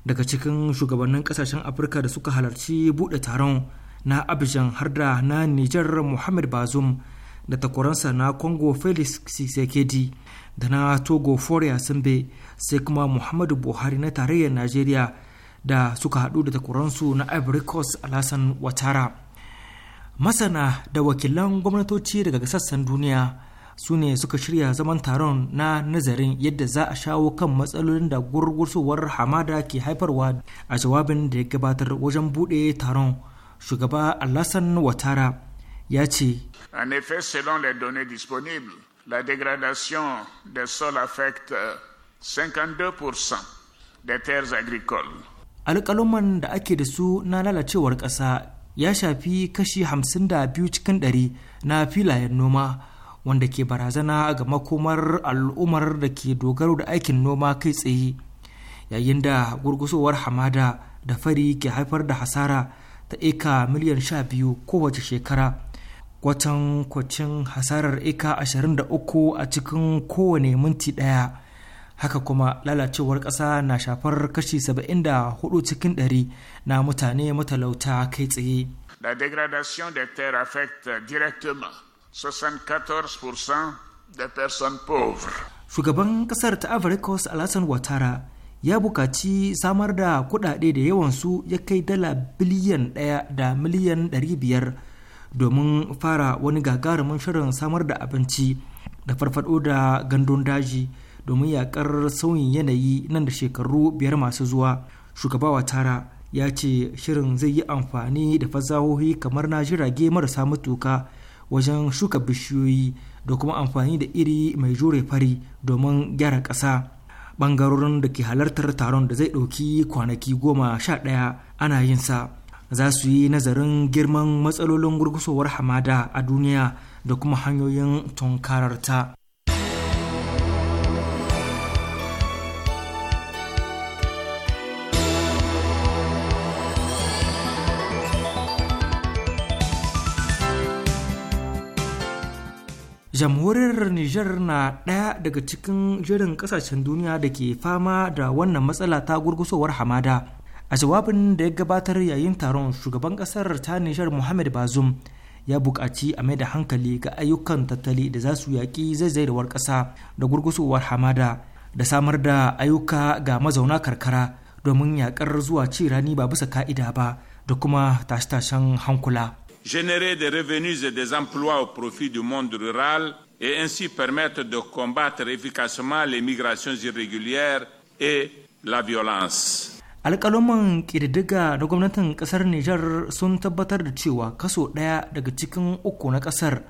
daga cikin shugabannin ƙasashen afirka da suka halarci buɗe taron na abijan har da na nijar muhammad bazum da takwaransa na congo felix sisekedi da na togo foria simbe sai kuma muhammadu buhari na tarayyar najeriya da suka haɗu da takwaransu na ivory coast alasan watara masana da wakilan gwamnatoci daga sassan duniya su ne suka shirya zaman taron na nazarin yadda za a shawo kan matsalolin da gurgusowar hamada ke haifarwa a jawabin da ya gabatar wajen buɗe taron shugaba Alassane watara ya ce En effet, selon les données disponibles, la dégradation des sols affecte 52% des terres agricoles. Alƙaluman da ake da su na lalacewar ƙasa ya shafi kashi 52 cikin ɗari na filayen noma wanda ke barazana ga makomar al'ummar da ke dogaro da aikin noma kai tsaye yayin da gurgusowar hamada da fari ke haifar da hasara ta eka miliyan sha biyu kowace shekara watan kwacin hasarar eka 23 a cikin kowane minti daya haka kuma lalacewar ƙasa na shafar kashi 74 cikin 100 na mutane matalauta kai tsaye La dégradation des terres affecte directement 74% des personnes pauvres. Shugaban kasar ta Ivory Coast Alassane Ouattara ya bukaci samar da kuɗaɗe da yawansu ya kai dala biliyan ɗaya da miliyan ɗari biyar domin fara wani gagarumin shirin samar da abinci da farfado da gandun daji domin yaƙar sauyin yanayi nan da shekaru biyar masu zuwa shugaba tara ya ce shirin zai yi amfani da fasahohi kamar na jirage marasa matuka wajen shuka bishiyoyi da kuma amfani da iri mai jure fari domin gyara ƙasa bangarorin da ke halartar taron da zai ɗauki kwanaki goma sha ɗaya ana yin sa za su yi nazarin girman matsalolin gurgusowar hamada a duniya da kuma hanyoyin tunkararta. jamhuriyar niger na ɗaya daga cikin jirin ƙasashen duniya da ke fama da wannan matsala ta gurgusowar hamada a jawabin da ya gabatar yayin taron shugaban ƙasar ta niger muhammad bazum ya buƙaci a mai da hankali ga ayyukan tattali da za su yaƙi zaizayewar ƙasa da gurgusowar hamada da samar da ayyuka ga mazauna karkara domin yaƙar zuwa ci rani ba bisa ka'ida ba da kuma tashe-tashen hankula. générer des revenus et des emplois au profit du monde rural et ainsi permettre de combattre efficacement les migrations irrégulières et la violence. alƙaluman ƙididdiga na gwamnatin ƙasar Nijar sun tabbatar da cewa kaso ɗaya daga cikin uku na ƙasar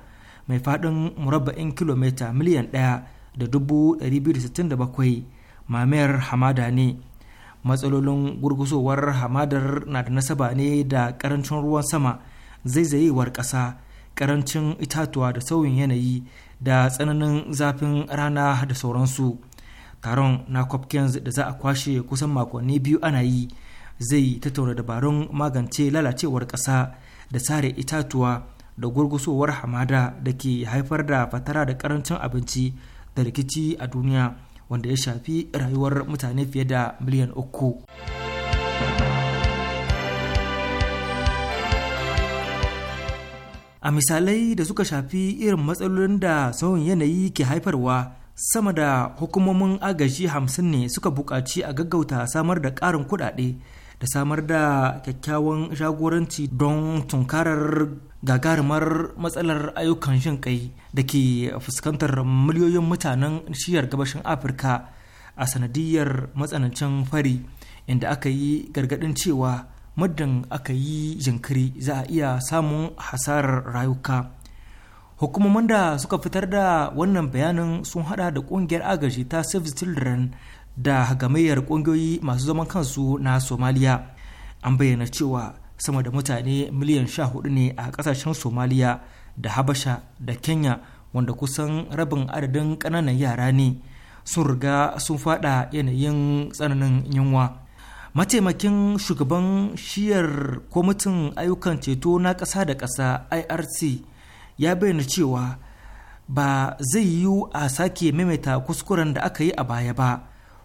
mai faɗin murabba'in kilomita miliyan ɗaya da dubu ɗari biyu da sittin da bakwai mamayar hamada ne matsalolin gurgusowar hamadar na da nasaba ne da ƙarancin ruwan sama zaizayewar ƙasa ƙarancin itatuwa da sauyin yanayi da tsananin zafin rana da sauransu taron na copkins da za a kwashe kusan makonni biyu ana yi zai tattauna dabarun magance lalacewar ƙasa da sare itatuwa da gurgusowar hamada da ke haifar da fatara da ƙarancin abinci da rikici a duniya wanda ya shafi rayuwar mutane fiye da miliyan uku. a misalai da suka shafi irin matsalolin da sauyin yanayi ke haifarwa sama da hukumomin agaji hamsin ne suka buƙaci a gaggauta samar da ƙarin kuɗaɗe da samar da kyakkyawan shagoranci don tunkarar gagarumar matsalar ayyukan shin kai da ke fuskantar miliyoyin mutanen shiyar gabashin afirka a sanadiyar matsanancin fari inda aka yi gargaɗin cewa muddin aka yi jinkiri za a iya samun hasarar rayuka hukumomin da suka fitar da wannan bayanin sun hada da kungiyar agaji ta save children da gamayyar kungiyoyi masu zaman kansu na somaliya an bayyana cewa sama da mutane miliyan sha hudu ne a kasashen somaliya da habasha da kenya wanda kusan rabin adadin ƙananan yara ne sun riga sun fada yanayin tsananin yunwa mataimakin shugaban shiyar kwamitin ayyukan ceto na ƙasa da ƙasa irc ya bayyana cewa ba zai yiwu a sake maimaita kuskuren da aka yi a baya ba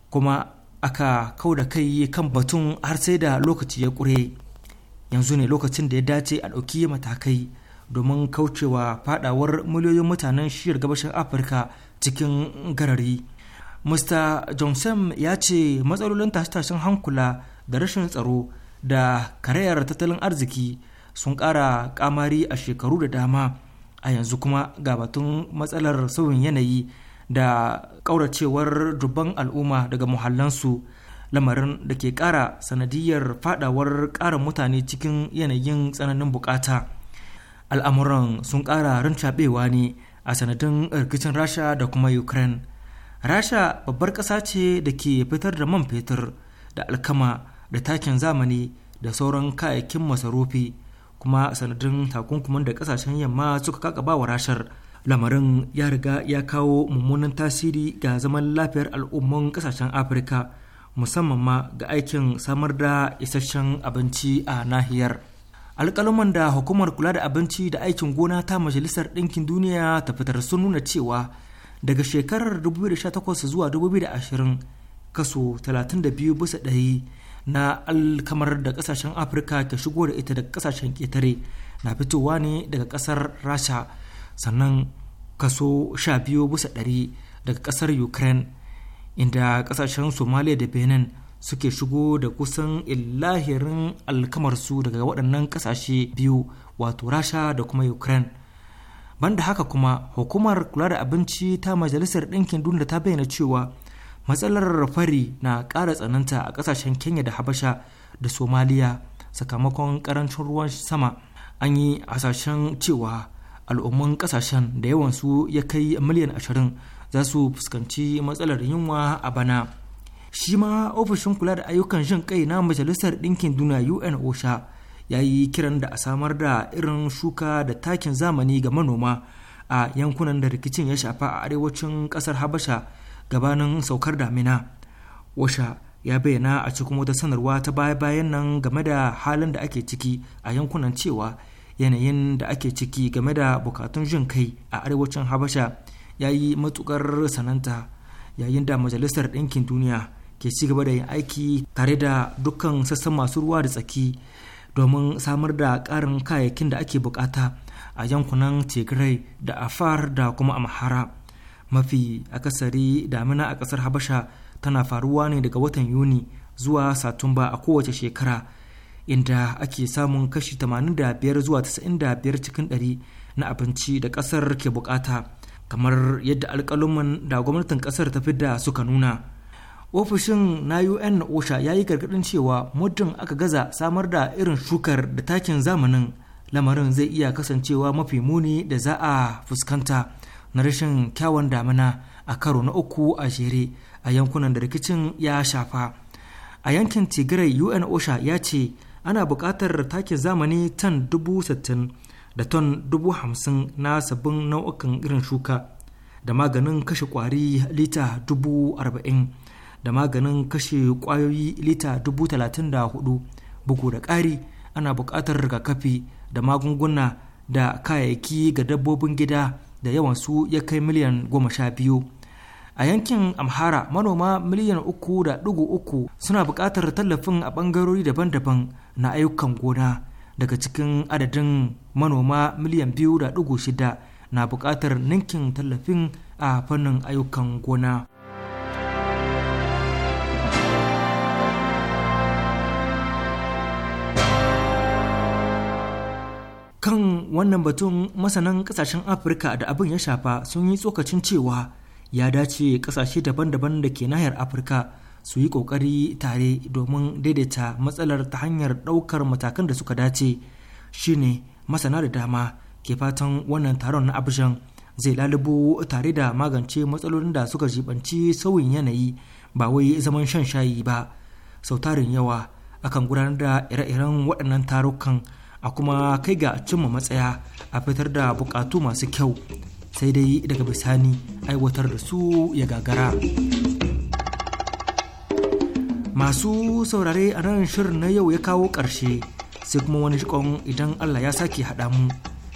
kuma aka kau da kai kan batun har sai da lokaci ya ƙure yanzu ne lokacin da ya dace a ɗauki matakai domin kaucewa fadawar miliyoyin mutanen shiyar gabashin afirka cikin garari mr johnson ya ce matsalolin tashe-tashen hankula da rashin tsaro da karayar tattalin arziki sun ƙara kamari a shekaru da dama a yanzu kuma ga batun matsalar sauyin yanayi da ƙauracewar dubban al'umma daga muhallansu lamarin da ke ƙara sanadiyar fadawar ƙara mutane cikin yanayin tsananin bukata al'amuran sun ƙara rincaɓewa ne a sanadin rikicin rasha da kuma ukraine rasha babbar ƙasa ce da ke fitar da man fetur da alkama da takin zamani da sauran kayayyakin masarufi kuma sanadin takunkumin da ƙasashen yamma suka kakaba wa rashar lamarin ya riga ya kawo mummunan tasiri ga zaman lafiyar al'umman ƙasashen afirka musamman ma ga aikin samar da isasshen abinci a nahiyar alƙaluman da hukumar kula da abinci da aikin gona ta majalisar ɗinkin duniya ta fitar sun nuna cewa daga shekarar 2018 zuwa 2020 kaso 32 bisa ɗari na alkamar da ƙasashen afirka ke shigo da ita daga kasashen ƙetare na fitowa ne daga ƙasar rasha sannan kaso 12 bisa ɗari daga ƙasar ukraine inda ƙasashen somalia da benin suke shigo da kusan illahirin alkamarsu daga waɗannan ƙasashe biyu wato rasha da kuma ukraine banda haka kuma hukumar kula da abinci ta majalisar ɗinkin duniya ta bayyana cewa matsalar fari na ƙara tsananta a ƙasashen kenya da habasha da somaliya sakamakon ƙarancin ruwan sama an yi hasashen cewa al'umman ƙasashen da yawansu ya kai miliyan ashirin za su fuskanci matsalar yunwa a bana shi ma ofishin kula da ayyukan jin kai na majalisar ɗinkin duniya un osha ya yi kiran da a samar da irin shuka da takin zamani ga manoma a yankunan da rikicin ya shafa a arewacin kasar habasha gabanin saukar damina washa ya bayyana a cikin wata sanarwa ta baya-bayan nan game da halin da ake ciki a yankunan cewa yanayin da ake ciki game da bukatun jin kai a arewacin habasha ya yi matukar sananta yayin da majalisar ɗinkin duniya ke ci gaba da yin aiki tare da dukkan sassan masu ruwa da tsaki domin samar da ƙarin kayayyakin da ake bukata a yankunan tigray da afar da kuma amhara mafi akasari damina a ƙasar habasha tana faruwa ne daga watan yuni zuwa satumba a kowace shekara inda ake samun kashi 85 zuwa 95 cikin 100 na abinci da ƙasar ke bukata kamar yadda alƙaluman da gwamnatin ƙasar ta fi da suka nuna ofishin na un osha ya yi gargadin cewa muddin aka gaza samar da irin shukar da takin zamanin lamarin zai iya kasancewa mafi muni da za a fuskanta na rashin kyawun damina a karo na uku a jere a yankunan da rikicin ya shafa a yankin tigray un osha ya ce ana buƙatar takin zamani tan dubu da ton dubu hamsin na sabbin nau'ukan irin shuka da maganin kashe kwari lita dubu arba'in da maganin kashe kwayoyi lita 34,000 bugu da ƙari ana buƙatar rigakafi da magunguna da kayayyaki ga dabbobin gida da yawan su ya kai miliyan goma biyu a yankin amhara manoma miliyan uku da ɗigo uku suna buƙatar tallafin a ɓangarori daban-daban na ayyukan gona daga cikin adadin manoma miliyan biyu da ɗigo shida na buƙatar ninkin tallafin a fannin ayyukan gona kan wannan batun masanan kasashen afirka da abin ya shafa sun yi tsokacin cewa ya dace kasashe daban-daban da ke nahiyar afirka su yi kokari tare domin daidaita matsalar ta hanyar daukar matakan da suka dace shine masana da dama ke fatan wannan taron na abishan zai lalubo tare da magance matsalolin da suka jibanci sauyin yanayi ba wai zaman shan shayi ba sau tarin yawa akan gudanar da ire-iren waɗannan tarukan a kuma kai ga cimma matsaya a fitar da bukatu masu kyau sai dai daga bisani aiwatar da su ya gagara masu saurare a nan shirin na yau ya kawo ƙarshe sai kuma wani shikon idan allah ya sake haɗa mu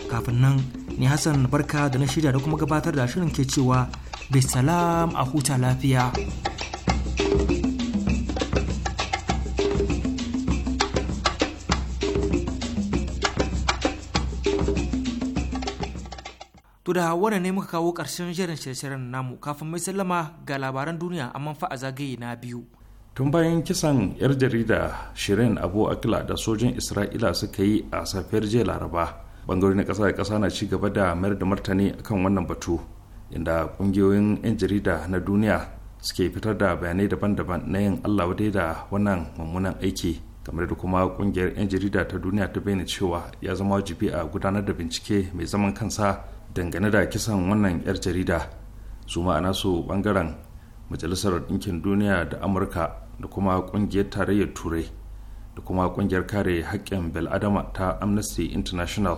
kafin nan ne hassan barka da na shirya da kuma gabatar da shirin ke cewa bisalam a huta lafiya thank you To da wannan ne muka kawo ƙarshen jerin shirye-shiryen namu kafin mai sallama ga labaran duniya a fa a zagaye na biyu. Tun bayan kisan 'yar jarida Shirin Abu Akila da sojin Isra'ila suka yi a safiyar jiya Laraba, bangarori na ƙasa da kasa na ci gaba da mayar da martani akan wannan batu, inda ƙungiyoyin 'yan jarida na duniya suke fitar da bayanai daban-daban na yin Allah wadai da wannan mummunan aiki kamar da kuma kungiyar 'yan jarida ta duniya ta bayyana cewa ya zama wajibi a gudanar da bincike mai zaman kansa dangane da kisan wannan 'yar jarida su ma'ana su bangaren majalisar ɗinkin duniya da amurka da kuma ƙungiyar tarayyar turai da kuma ƙungiyar kare haƙƙin bil'adama ta amnesty international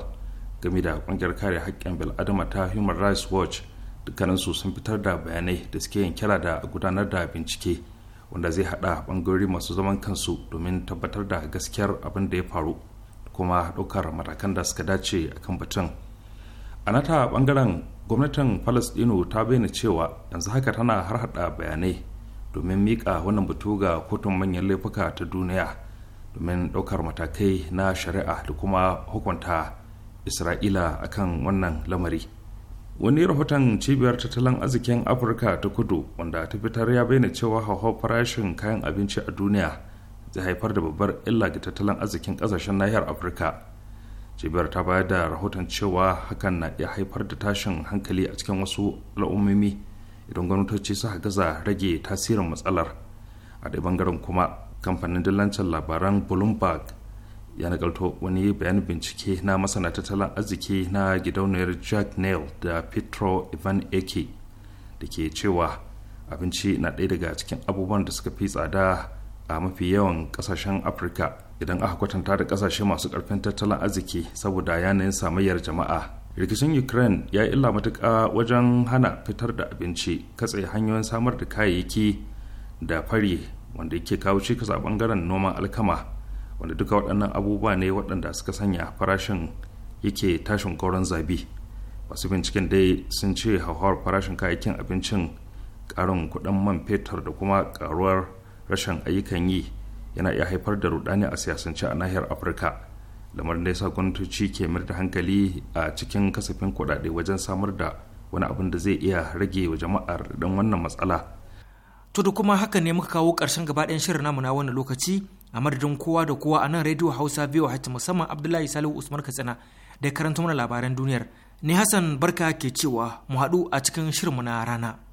game da ƙungiyar kare haƙƙin bil'adama ta human rights watch dukkaninsu sun fitar da bayanai da suke yin kira da gudanar da bincike wanda zai haɗa ɓangarori masu zaman kansu domin tabbatar da gaskiyar abin da ya faru kuma ɗaukar matakan da suka dace akan batun. a nata bangaren gwamnatin palestino ta bayyana cewa yanzu haka tana harhaɗa bayanai domin miƙa wannan batu ga kotun manyan laifuka ta duniya domin ɗaukar matakai na shari'a da kuma hukunta isra'ila akan wannan lamari wani rahoton cibiyar tattalin arzikin afirka ta kudu wanda ta fitar ya bayyana cewa hauhawar farashin kayan abinci a duniya zai haifar da babbar illa ga tattalin arzikin kasashen nahiyar afirka jibiyar ta bayar da rahoton cewa hakan na iya haifar da tashin hankali a cikin wasu al'ummomi idan gwamnatoci suka gaza rage tasirin matsalar a da bangaren kuma kamfanin dillancin labaran bloomberg ya nakalto wani bayanin bincike na masana tattalin arziki na gidauniyar jack nail da petro ivan eke da ke cewa abinci na ɗaya daga cikin abubuwan da suka fi tsada a mafi yawan ƙasashen afirka idan aka kwatanta da kasashe masu karfin tattalin arziki saboda yanayin samayyar jama'a rikicin ukraine ya yi illa matuƙa wajen hana fitar da abinci katse hanyoyin samar da kayayyaki da fari wanda yake kawo cikas a bangaren noman alkama wanda duka waɗannan abubuwa ne waɗanda suka sanya farashin yake tashin goron zabi masu binciken dai sun ce hauhawar farashin kayayyakin abincin ƙarin kuɗin man fetur da kuma ƙaruwar rashin ayyukan yi yana iya haifar da rudani a siyasance a nahiyar afirka lamarin da ya sa gwamnatoci ke mayar da hankali a cikin kasafin kudade wajen samar da wani abin da zai iya rage wa jama'ar dan wannan matsala to da kuma haka ne muka kawo karshen gaba ɗayan shirin namu na wannan lokaci a madadin kowa da kowa a nan rediyo hausa biyu hajji musamman abdullahi salihu usman katsina da karanta mana labaran duniyar ni hassan barka ke cewa mu haɗu a cikin shirinmu na rana